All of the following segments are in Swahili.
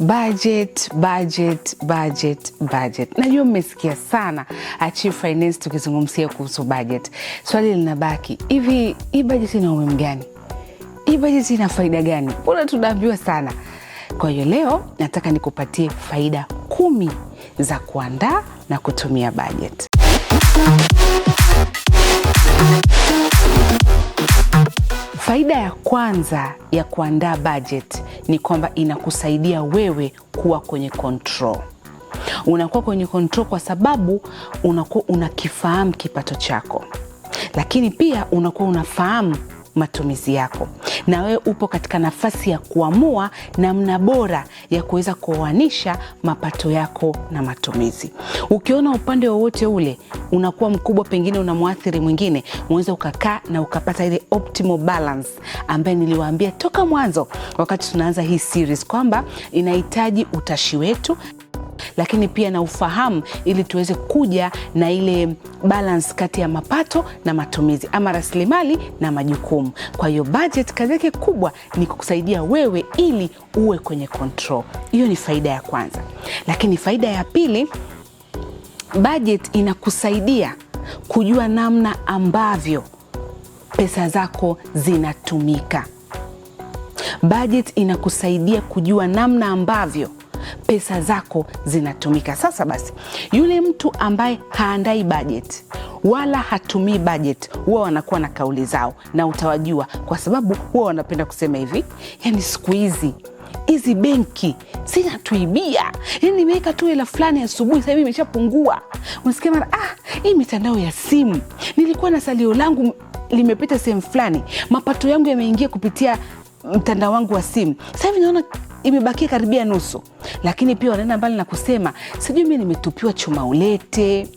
Budget, budget, budget, budget. Najua mmesikia sana Chief Finance tukizungumzia kuhusu budget. Swali linabaki hivi, hii budget ina umuhimu gani? Hii budget ina faida gani? Mbona tunaambiwa sana? Kwa hiyo leo nataka nikupatie faida kumi za kuandaa na kutumia budget. Faida ya kwanza ya kuandaa bajeti ni kwamba inakusaidia wewe kuwa kwenye control. Unakuwa kwenye control kwa sababu unakuwa unakifahamu kipato chako, lakini pia unakuwa unafahamu matumizi yako, na wewe upo katika nafasi ya kuamua namna bora ya kuweza kuoanisha mapato yako na matumizi. Ukiona upande wowote ule unakuwa mkubwa, pengine unamwathiri mwingine, unaweza ukakaa na ukapata ile optimal balance ambayo niliwaambia toka mwanzo wakati tunaanza hii series kwamba inahitaji utashi wetu lakini pia na ufahamu, ili tuweze kuja na ile balance kati ya mapato na matumizi ama rasilimali na majukumu. Kwa hiyo budget kazi yake kubwa ni kukusaidia wewe ili uwe kwenye control. Hiyo ni faida ya kwanza, lakini faida ya pili, budget inakusaidia kujua namna ambavyo pesa zako zinatumika. Budget inakusaidia kujua namna ambavyo pesa zako zinatumika. Sasa basi, yule mtu ambaye haandai bajeti wala hatumii bajeti huwa wanakuwa na kauli zao, na utawajua kwa sababu huwa wanapenda kusema hivi, yani siku hizi hizi benki zinatuibia, yani nimeweka tu hela fulani asubuhi, sasa hivi imeshapungua. Unasikia mara ah, hii mitandao ya simu, nilikuwa na salio langu limepita sehemu fulani, mapato yangu yameingia kupitia mtandao wangu wa simu, sasa hivi naona imebakia karibia nusu, lakini pia wanaenda mbali na kusema sijui mi nimetupiwa chuma ulete.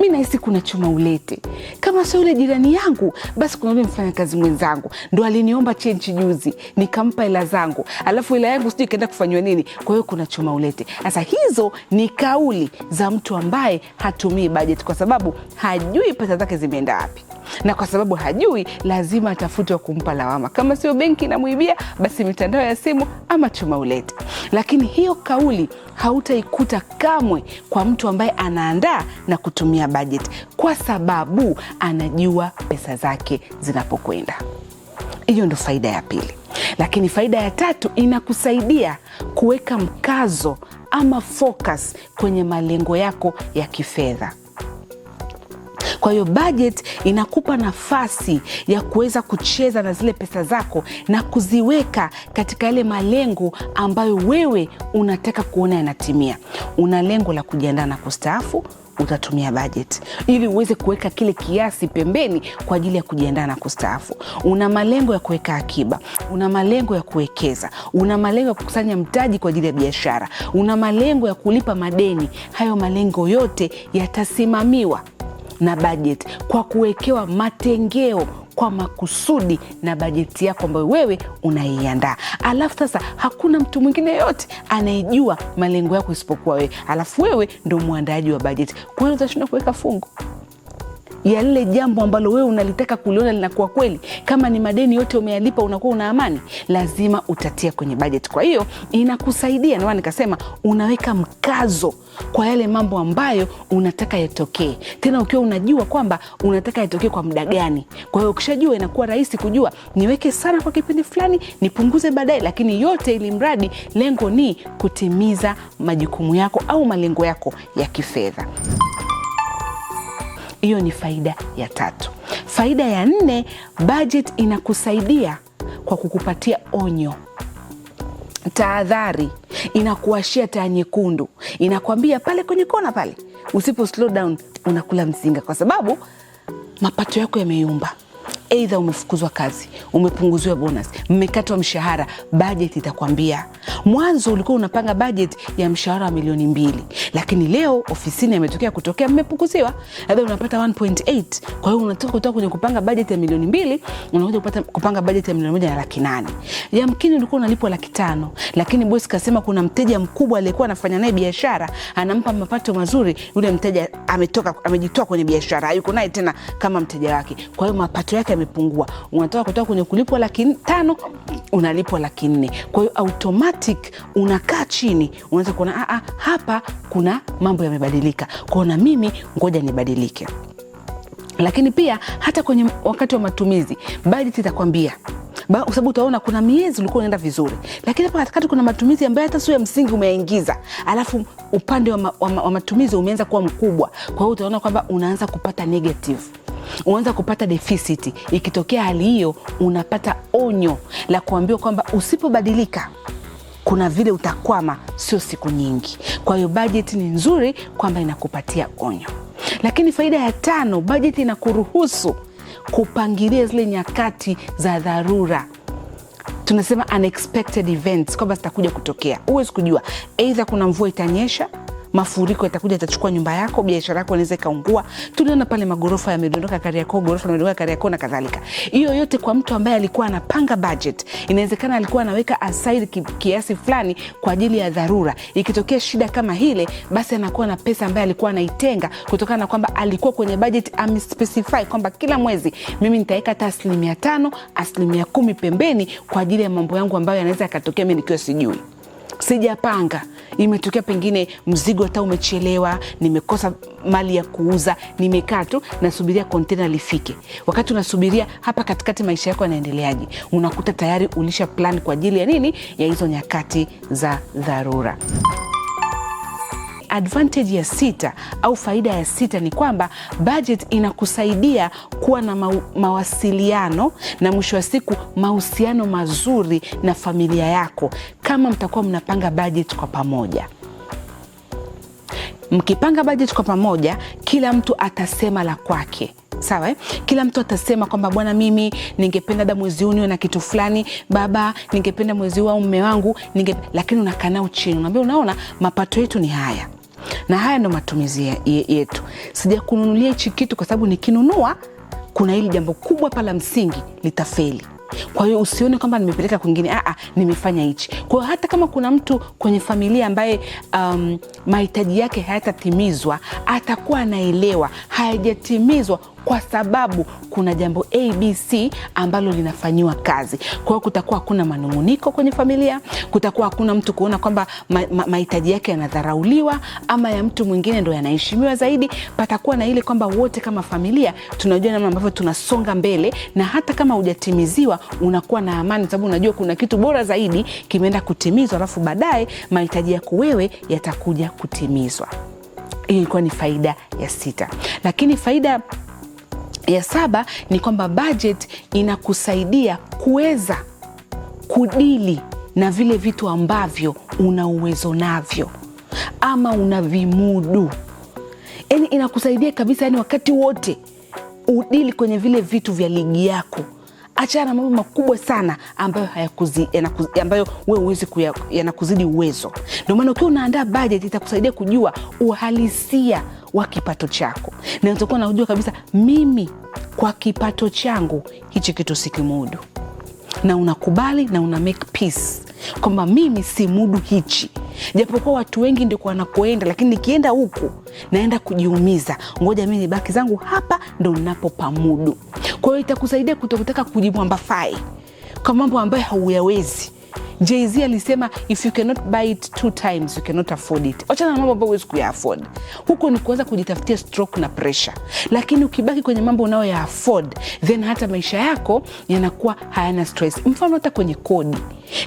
Mi nahisi kuna chuma ulete, kama sio yule jirani yangu, basi kuna yule mfanyakazi mwenzangu ndo aliniomba chenchi juzi, nikampa hela zangu, alafu hela yangu sijui ikaenda kufanyiwa nini. Kwa hiyo kuna chuma ulete. Sasa hizo ni kauli za mtu ambaye hatumii bajeti, kwa sababu hajui pesa zake zimeenda wapi na kwa sababu hajui, lazima atafute wa kumpa lawama. Kama sio benki inamwibia, basi mitandao ya simu ama chuma ulete. Lakini hiyo kauli hautaikuta kamwe kwa mtu ambaye anaandaa na kutumia bajeti, kwa sababu anajua pesa zake zinapokwenda. Hiyo ndo faida ya pili. Lakini faida ya tatu inakusaidia kuweka mkazo ama focus kwenye malengo yako ya kifedha. Kwa hiyo budget inakupa nafasi ya kuweza kucheza na zile pesa zako na kuziweka katika yale malengo ambayo wewe unataka kuona yanatimia. Una lengo la kujiandaa na kustaafu utatumia bajeti ili uweze kuweka kile kiasi pembeni kwa ajili ya kujiandaa na kustaafu. Una malengo ya kuweka akiba, una malengo ya kuwekeza, una malengo ya kukusanya mtaji kwa ajili ya biashara, una malengo ya kulipa madeni. Hayo malengo yote yatasimamiwa na bajeti, kwa kuwekewa matengeo kwa makusudi na bajeti yako ambayo wewe unaiandaa. Alafu sasa hakuna mtu mwingine yoyote anayejua malengo yako isipokuwa wewe, alafu wewe ndo mwandaaji wa bajeti. Kwa hiyo utashinda kuweka fungu ya lile jambo ambalo wewe unalitaka kuliona linakuwa kweli. Kama ni madeni yote umeyalipa, unakuwa una amani, lazima utatia kwenye bajeti. Kwa hiyo inakusaidia, ndio nikasema unaweka mkazo kwa yale mambo ambayo unataka yatokee, tena ukiwa unajua kwamba unataka yatokee kwa muda gani. Kwa hiyo ukishajua, inakuwa rahisi kujua niweke sana kwa kipindi fulani, nipunguze baadaye, lakini yote ili mradi lengo ni kutimiza majukumu yako au malengo yako ya kifedha. Hiyo ni faida ya tatu. Faida ya nne, bajeti inakusaidia kwa kukupatia onyo, tahadhari, inakuashia taa nyekundu, inakwambia pale kwenye kona pale, usipo slow down unakula mzinga, kwa sababu mapato yako yameyumba. Aidha umefukuzwa kazi, umepunguziwa bonus, mmekatwa mshahara, bajeti itakwambia. Mwanzo ulikuwa unapanga bajeti ya mshahara wa milioni mbili, lakini leo ofisini ametokea kutokea mmepunguziwa, labda unapata 1.8. Kwa hiyo unatoka kutoka kwenye kupanga bajeti ya milioni mbili unakuja kupata kupanga bajeti ya milioni moja na laki nane. Yamkini ulikuwa unalipwa laki tano, lakini bosi kasema kuna mteja mkubwa aliyekuwa anafanya naye biashara, anampa mapato mazuri. Yule mteja ametoka amejitoa kwenye biashara, hayuko naye tena kama mteja wake, kwa hiyo mapato yake yamepungua. Unatoka kutoka kwenye kulipwa laki tano unalipwa laki nne. Kwa hiyo automatic unakaa chini, unaweza kuona ah, ah, hapa kuna mambo yamebadilika, kwao na mimi ngoja nibadilike. Lakini pia hata kwenye wakati wa matumizi bajeti itakwambia kwa sababu utaona kuna miezi ulikuwa unaenda vizuri, lakini hapa katikati kuna matumizi ambayo hata sio ya msingi umeyaingiza, alafu upande wa, ma, wa, wa matumizi umeanza kuwa mkubwa. Kwa hiyo utaona kwamba unaanza kupata negative unaanza kupata deficit. Ikitokea hali hiyo, unapata onyo la kuambiwa kwamba usipobadilika kuna vile utakwama, sio siku nyingi. Kwa hiyo bajeti ni nzuri kwamba inakupatia onyo, lakini faida ya tano, bajeti inakuruhusu kupangilia zile nyakati za dharura tunasema unexpected events, kwamba zitakuja kutokea, huwezi kujua, aidha kuna mvua itanyesha mafuriko yatakuja, yatachukua nyumba yako, biashara yako inaweza ikaungua. Tuliona pale magorofa yamedondoka Kariakoo, gorofa limedondoka Kariakoo na kadhalika. Hiyo yote kwa mtu ambaye alikuwa anapanga budget, inawezekana alikuwa anaweka asaid kiasi fulani kwa ajili ya dharura. Ikitokea shida kama hile, basi anakuwa na pesa ambaye alikuwa anaitenga kutokana na kwamba alikuwa kwenye budget amespecify kwamba kila mwezi mimi nitaweka hata asilimia tano asilimia kumi pembeni kwa ajili ya mambo yangu ambayo yanaweza yakatokea mi nikiwa sijui sijapanga, imetokea pengine mzigo hata umechelewa, nimekosa mali ya kuuza, nimekaa tu nasubiria kontena lifike. Wakati unasubiria hapa katikati, maisha yako yanaendeleaje? Unakuta tayari ulisha plan kwa ajili ya nini, ya hizo nyakati za dharura advantage ya sita au faida ya sita ni kwamba budget inakusaidia kuwa na ma mawasiliano na mwisho wa siku mahusiano mazuri na familia yako, kama mtakuwa mnapanga budget kwa pamoja. Mkipanga budget kwa pamoja, kila mtu atasema la kwake. Sawa, eh? kila mtu atasema kwamba bwana, mimi ningependa da mwezi huu niwe na kitu fulani, baba, ningependa mwezi huu au mume wangu ninge... lakini unakanao chini, unaambia, unaona mapato yetu ni haya na haya ndo matumizi yetu. Sijakununulia hichi kitu kwa sababu nikinunua kuna hili jambo kubwa pala msingi litafeli. Kwa hiyo usione kwamba nimepeleka kwingine, a, ah, ah, nimefanya hichi. Kwa hiyo hata kama kuna mtu kwenye familia ambaye um, mahitaji yake hayatatimizwa, atakuwa anaelewa hayajatimizwa kwa sababu kuna jambo ABC ambalo linafanyiwa kazi. Kwa hiyo kutakuwa hakuna manung'uniko kwenye familia, kutakuwa hakuna mtu kuona kwamba mahitaji ma, yake yanadharauliwa ama ya mtu mwingine ndo yanaheshimiwa zaidi. Patakuwa na ile kwamba wote kama familia tunajua namna ambavyo tunasonga mbele, na hata kama hujatimiziwa unakuwa na amani, sababu unajua kuna kitu bora zaidi kimeenda kutimizwa, alafu baadaye mahitaji yako wewe yatakuja kutimizwa. hii ilikuwa ni faida ya sita, lakini faida ya saba ni kwamba budget inakusaidia kuweza kudili na vile vitu ambavyo una uwezo navyo ama una vimudu Yani inakusaidia kabisa, yani wakati wote udili kwenye vile vitu vya ligi yako. Achana na mambo makubwa sana ambayo hayakuzi, yanakuzi, ambayo wewe huwezi yanakuzidi uwezo. Ndio maana ukiwa unaandaa bajeti itakusaidia kujua uhalisia wa kipato chako, na utakuwa unajua kabisa, mimi kwa kipato changu hichi kitu sikimudu, na unakubali na una make peace kwamba mimi si mudu hichi, japokuwa watu wengi ndio kwa wanakoenda, lakini nikienda huku naenda kujiumiza. Ngoja ni baki zangu hapa, ndo napopamudu Kwa hiyo itakusaidia kutokutaka kujimwambafai kwa mambo ambayo hauyawezi Jay-Z alisema if you cannot buy it two times you cannot afford it. Achana na mambo ambayo huwezi afford, huko ni kuanza kujitafutia stroke na pressure. Lakini ukibaki kwenye mambo ya afford, then hata maisha yako yanakuwa hayana stress. Mfano hata kwenye kodi,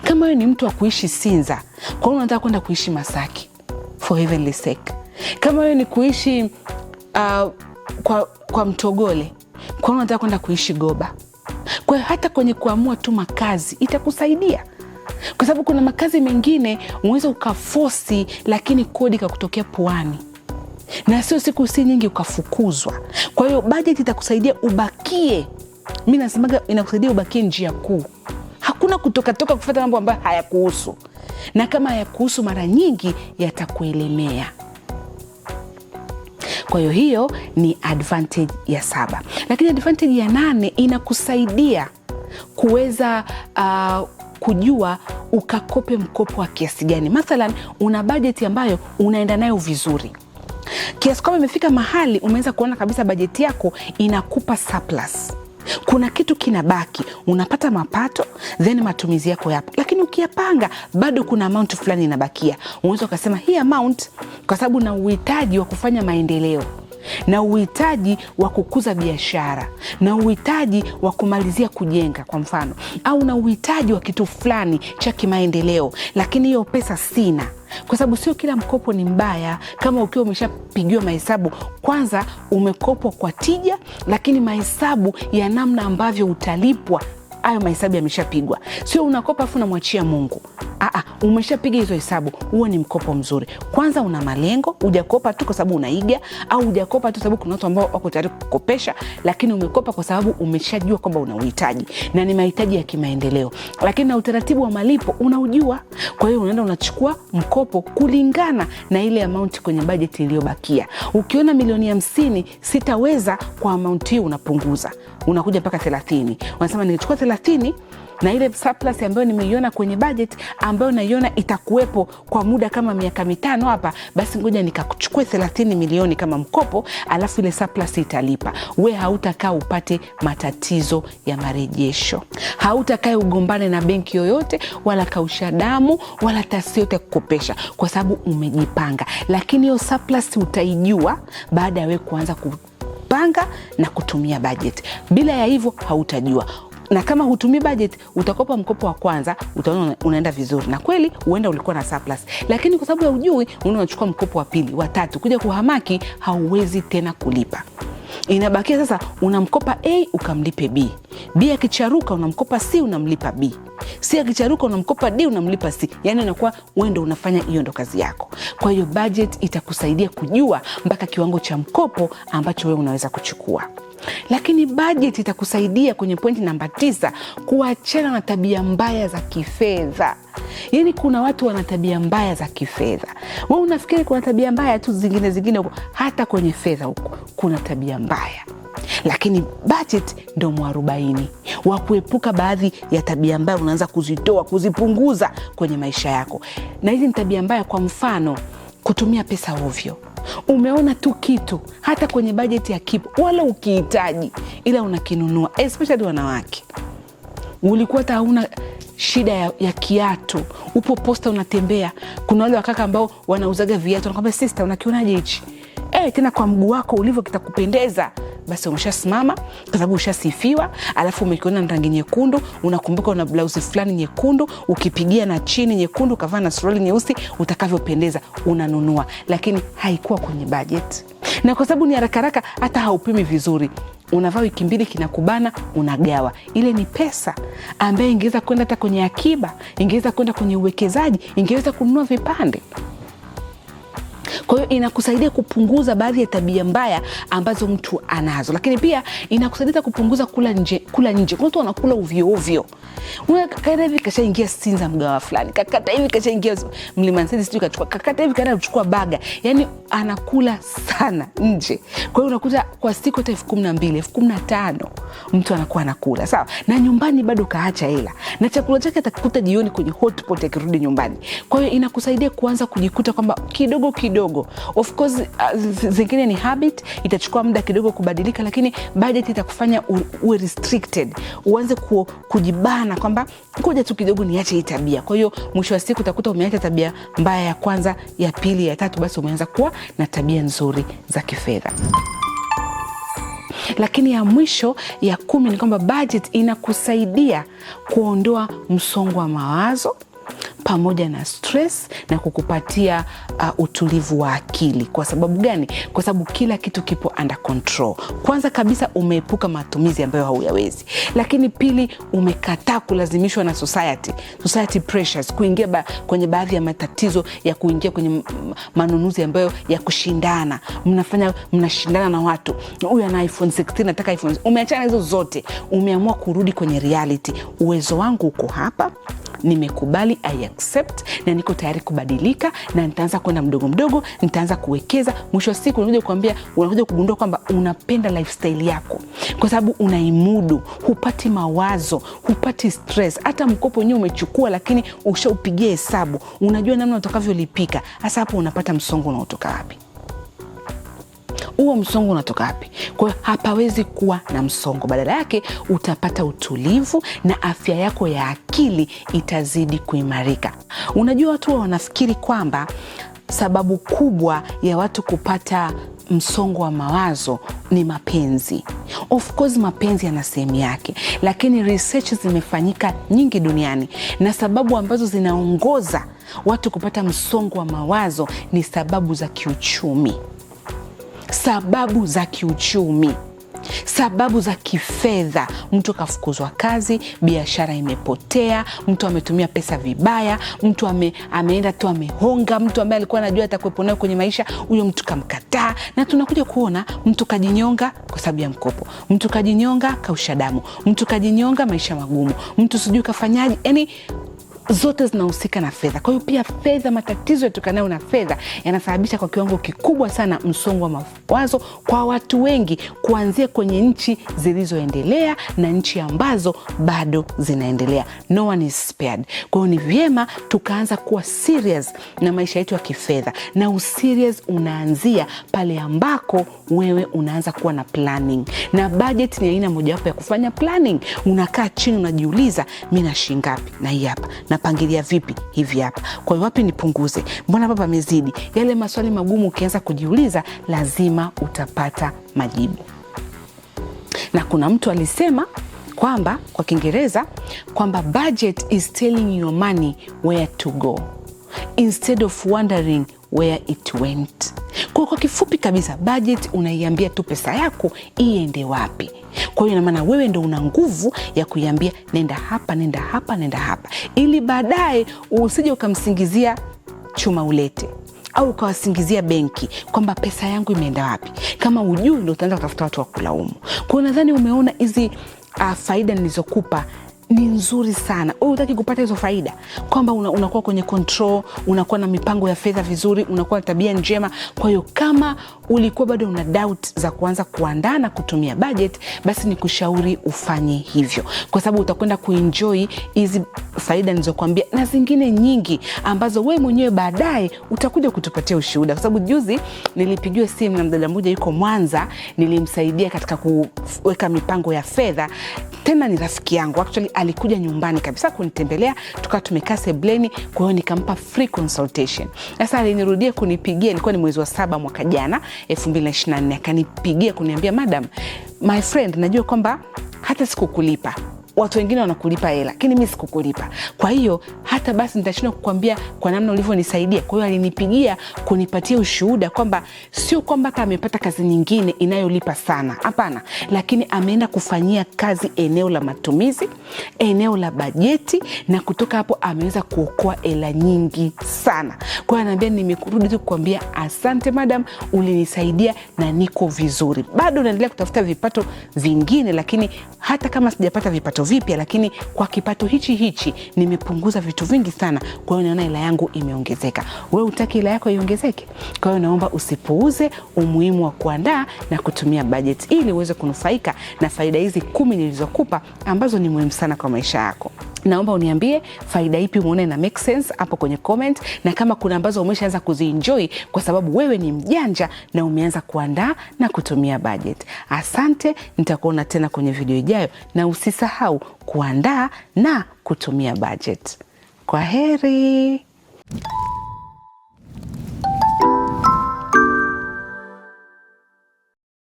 kama wewe ni mtu wa kuishi Sinza, kwa nini unataka kwenda kuishi Masaki? For heavenly sake, kama wewe ni kuishi uh, kwa, kwa Mtogole, kwa nini unataka kwenda kuishi Goba? Kwa hiyo hata kwenye kuamua tu makazi itakusaidia kwa sababu kuna makazi mengine unaweza ukafosi, lakini kodi ikakutokea puani na sio siku si nyingi ukafukuzwa. Kwa hiyo bajeti itakusaidia ubakie, mi nasemaga inakusaidia ubakie njia kuu, hakuna kutokatoka kufata mambo ambayo hayakuhusu, na kama hayakuhusu mara nyingi yatakuelemea. Kwa hiyo hiyo ni advantage ya saba, lakini advantage ya nane inakusaidia kuweza uh, kujua ukakope mkopo wa kiasi gani. Mathalan, una bajeti ambayo unaenda nayo vizuri kiasi kwamba imefika mahali umeweza kuona kabisa bajeti yako inakupa surplus kuna kitu kinabaki, unapata mapato then matumizi yako yapo, lakini ukiyapanga bado kuna amount fulani inabakia. Unaweza ukasema hii amount, kwa sababu na uhitaji wa kufanya maendeleo na uhitaji wa kukuza biashara na uhitaji wa kumalizia kujenga kwa mfano, au na uhitaji wa kitu fulani cha kimaendeleo, lakini hiyo pesa sina kwa sababu sio kila mkopo ni mbaya. Kama ukiwa umeshapigiwa mahesabu, kwanza umekopwa kwa tija, lakini mahesabu ya namna ambavyo utalipwa hayo mahesabu yameshapigwa, sio unakopa afu unamwachia Mungu. Aa, umeshapiga hizo hesabu, huo ni mkopo mzuri. Kwanza una malengo, ujakopa tu kwa sababu unaiga, au ujakopa tu sababu kuna watu ambao wako tayari kukopesha, lakini umekopa kwa sababu umeshajua kwamba una uhitaji na ni mahitaji ya kimaendeleo, lakini na utaratibu wa malipo unaujua. Kwa hiyo unaenda unachukua mkopo kulingana na ile amaunti kwenye bajeti iliyobakia. Ukiona milioni hamsini sitaweza, kwa amaunti hii unapunguza unakuja mpaka thelathini. Wanasema nikichukua thelathini na ile surplus ambayo nimeiona kwenye budget ambayo naiona itakuwepo kwa muda kama miaka mitano hapa, basi ngoja nikachukue thelathini milioni kama mkopo, alafu ile surplus italipa. We hautakaa upate matatizo ya marejesho, hautakae ugombane na benki yoyote wala kausha damu wala taasisi yote kukopesha, kwa sababu umejipanga. Lakini hiyo surplus utaijua baada ya we kuanza kupanga na kutumia bajeti. Bila ya hivyo hautajua na kama hutumii budget, utakopa mkopo wa kwanza, utaona unaenda vizuri, na kweli huenda ulikuwa na surplus, lakini kwa sababu ya ujui, unachukua mkopo wa pili, wa tatu, kuja kuhamaki, hauwezi tena kulipa. Inabakia sasa, unamkopa A ukamlipe B, B akicharuka unamkopa C unamlipa B, C akicharuka unamkopa D unamlipa C. Yani unakuwa wewe ndo unafanya hiyo, ndo kazi yako. Kwa hiyo budget itakusaidia kujua mpaka kiwango cha mkopo ambacho wewe unaweza kuchukua. Lakini bajeti itakusaidia kwenye pointi namba tisa, kuachana na tabia mbaya za kifedha. Yaani kuna watu wana tabia mbaya za kifedha. We unafikiri kuna tabia mbaya tu zingine zingine huko, hata kwenye fedha huko kuna tabia mbaya lakini bajet ndo mwarobaini wa kuepuka baadhi ya tabia mbaya, unaanza kuzitoa kuzipunguza kwenye maisha yako. Na hizi ni tabia mbaya, kwa mfano kutumia pesa ovyo umeona tu kitu hata kwenye bajeti ya kipo wala ukihitaji, ila unakinunua, especially wanawake. Ulikuwa hata hauna shida ya, ya kiatu, upo posta unatembea. Kuna wale wakaka ambao wanauzaga viatu, nakwambia sista, unakionaje hichi eh, tena kwa mguu wako ulivyo kitakupendeza, basi umeshasimama kwa sababu ushasifiwa. Alafu umekiona na rangi nyekundu, unakumbuka una blausi fulani nyekundu, ukipigia na chini nyekundu, ukavaa na suruali nyeusi, utakavyopendeza unanunua, lakini haikuwa kwenye bajeti, na kwa sababu ni haraka haraka, hata haupimi vizuri unavaa wiki mbili, kinakubana, unagawa. Ile ni pesa ambayo ingeweza kwenda hata kwenye akiba, ingeweza kwenda kwenye uwekezaji, ingeweza kununua vipande. Kwa hiyo inakusaidia kupunguza baadhi ya tabia mbaya ambazo mtu anazo, lakini pia inakusaidia kupunguza kula nje. Kula nje, kuna watu wanakula ovyo ovyo, kakata hivi kashaingia Sinza mgawa fulani, kakata hivi kashaingia Mlimani sijui kachukua, kakata hivi kaenda kuchukua baga, yani anakula sana nje. Kwa hiyo unakuta kwa siku hata elfu kumi na mbili elfu kumi na tano mtu anakuwa anakula sawa, na nyumbani bado kaacha hela na chakula chake atakikuta jioni kwenye hotpot akirudi nyumbani. Kwa hiyo inakusaidia kuanza kujikuta kwamba kidogo kidogo kidogo. Of course uh, zingine ni habit, itachukua muda kidogo kubadilika, lakini budget itakufanya uwe restricted, uanze ku, kujibana kwamba ngoja tu kidogo niache hii tabia. Kwa hiyo mwisho wa siku utakuta umeacha tabia mbaya ya kwanza, ya pili, ya tatu, basi umeanza kuwa na tabia nzuri za kifedha lakini ya mwisho ya kumi ni kwamba budget inakusaidia kuondoa msongo wa mawazo pamoja na stress na kukupatia uh, utulivu wa akili. Kwa sababu gani? Kwa sababu kila kitu kipo under control. Kwanza kabisa umeepuka matumizi ambayo hauyawezi, lakini pili, umekataa kulazimishwa na society, society pressures kuingia ba, kwenye baadhi ya matatizo ya kuingia kwenye manunuzi ambayo ya kushindana, mnafanya mnashindana na watu, huyu ana iPhone 16 nataka iPhone. Umeachana hizo zote, umeamua kurudi kwenye reality. Uwezo wangu uko hapa nimekubali, I accept, na niko tayari kubadilika, na nitaanza kwenda mdogo mdogo, nitaanza kuwekeza. Mwisho wa siku unakuja kuambia, unakuja kugundua kwamba unapenda lifestyle yako kwa sababu unaimudu, hupati mawazo, hupati stress. Hata mkopo wenyewe umechukua, lakini ushaupigia hesabu, unajua namna utakavyolipika. Hasa hapo unapata msongo unaotoka wapi? huo msongo unatoka wapi? Kwa hiyo hapawezi kuwa na msongo, badala yake utapata utulivu na afya yako ya akili itazidi kuimarika. Unajua, watu wanafikiri kwamba sababu kubwa ya watu kupata msongo wa mawazo ni mapenzi. Of course mapenzi yana sehemu yake, lakini research zimefanyika nyingi duniani, na sababu ambazo zinaongoza watu kupata msongo wa mawazo ni sababu za kiuchumi sababu za kiuchumi, sababu za kifedha. Mtu kafukuzwa kazi, biashara imepotea, mtu ametumia pesa vibaya, mtu ame, ameenda tu amehonga, mtu ambaye alikuwa anajua atakuwepo nayo kwenye maisha, huyo mtu kamkataa. Na tunakuja kuona mtu kajinyonga kwa sababu ya mkopo, mtu kajinyonga kausha damu, mtu kajinyonga maisha magumu, mtu sijui kafanyaje, yani zote zinahusika na fedha. Kwa hiyo pia fedha, matatizo yatokanayo na fedha yanasababisha kwa kiwango kikubwa sana msongo wa mawazo kwa watu wengi, kuanzia kwenye nchi zilizoendelea na nchi ambazo bado zinaendelea. No one is spared. Kwa hiyo ni vyema tukaanza kuwa serious na maisha yetu ya kifedha, na userious unaanzia pale ambako wewe unaanza kuwa na planning, na budget ni aina mojawapo ya kufanya planning. Unakaa chini unajiuliza, mi na ngapi? Na hii hapa na napangilia vipi hivi hapa, kwa hiyo wapi nipunguze, mbona baba amezidi. Yale maswali magumu ukianza kujiuliza, lazima utapata majibu. Na kuna mtu alisema kwamba kwa Kiingereza kwamba budget is telling your money where to go instead of wondering where it went. Kwa kwa kifupi kabisa, budget unaiambia tu pesa yako iende wapi kwa hiyo ina maana wewe ndo una nguvu ya kuiambia nenda hapa, nenda hapa, nenda hapa, ili baadaye usije ukamsingizia chuma ulete au ukawasingizia benki kwamba pesa yangu imeenda wapi. Kama ujui, ndo utaanza kutafuta watu wa kulaumu. Kwa hiyo nadhani umeona hizi uh, faida nilizokupa ni nzuri sana. Wewe utaki kupata hizo faida kwamba unakuwa kwenye control, unakuwa na mipango ya fedha vizuri, unakuwa na tabia njema. Kwa hiyo kama ulikuwa bado una doubt za kuanza kuandaa na kutumia budget, basi ni kushauri ufanye hivyo, kwa sababu utakwenda kuenjoy hizi faida nilizokuambia na zingine nyingi ambazo wewe mwenyewe baadaye utakuja kutupatia ushuhuda, kwa sababu juzi nilipigiwa simu na mdada mmoja yuko Mwanza, nilimsaidia katika kuweka mipango ya fedha, tena ni rafiki yangu actually alikuja nyumbani kabisa kunitembelea, tukawa tumekaa sebleni. Kwa hiyo nikampa free consultation. Sasa alinirudia kunipigia, ilikuwa ni mwezi wa saba mwaka jana e224 akanipigia kuniambia madam, my friend, najua kwamba hata sikukulipa watu wengine wanakulipa hela, lakini mi sikukulipa. Kwa hiyo hata basi nitashindwa kukwambia kwa namna ulivyonisaidia. Kwa hiyo alinipigia kunipatia ushuhuda kwamba sio kwamba hata amepata kazi nyingine inayolipa sana, hapana, lakini ameenda kufanyia kazi eneo la matumizi, eneo la bajeti, na kutoka hapo ameweza kuokoa hela nyingi sana. Kwa hiyo anaambia, nimekurudi tu kukwambia asante madam, ulinisaidia na niko vizuri. Bado naendelea kutafuta vipato vingine, lakini hata kama sijapata vipato vipya, lakini kwa kipato hichi hichi nimepunguza vitu vingi sana, kwa hiyo naona hela yangu imeongezeka. Wewe utaki hela yako iongezeke? Kwa hiyo naomba usipuuze umuhimu wa kuandaa na kutumia bajeti ili uweze kunufaika na faida hizi kumi nilizokupa ambazo ni muhimu sana kwa maisha yako. Naomba uniambie faida ipi umeona ina make sense hapo kwenye comment, na kama kuna ambazo umeshaanza kuzienjoy kwa sababu wewe ni mjanja na umeanza kuandaa na kutumia budget. Asante, nitakuona tena kwenye video ijayo, na usisahau kuandaa na kutumia budget. Kwa heri.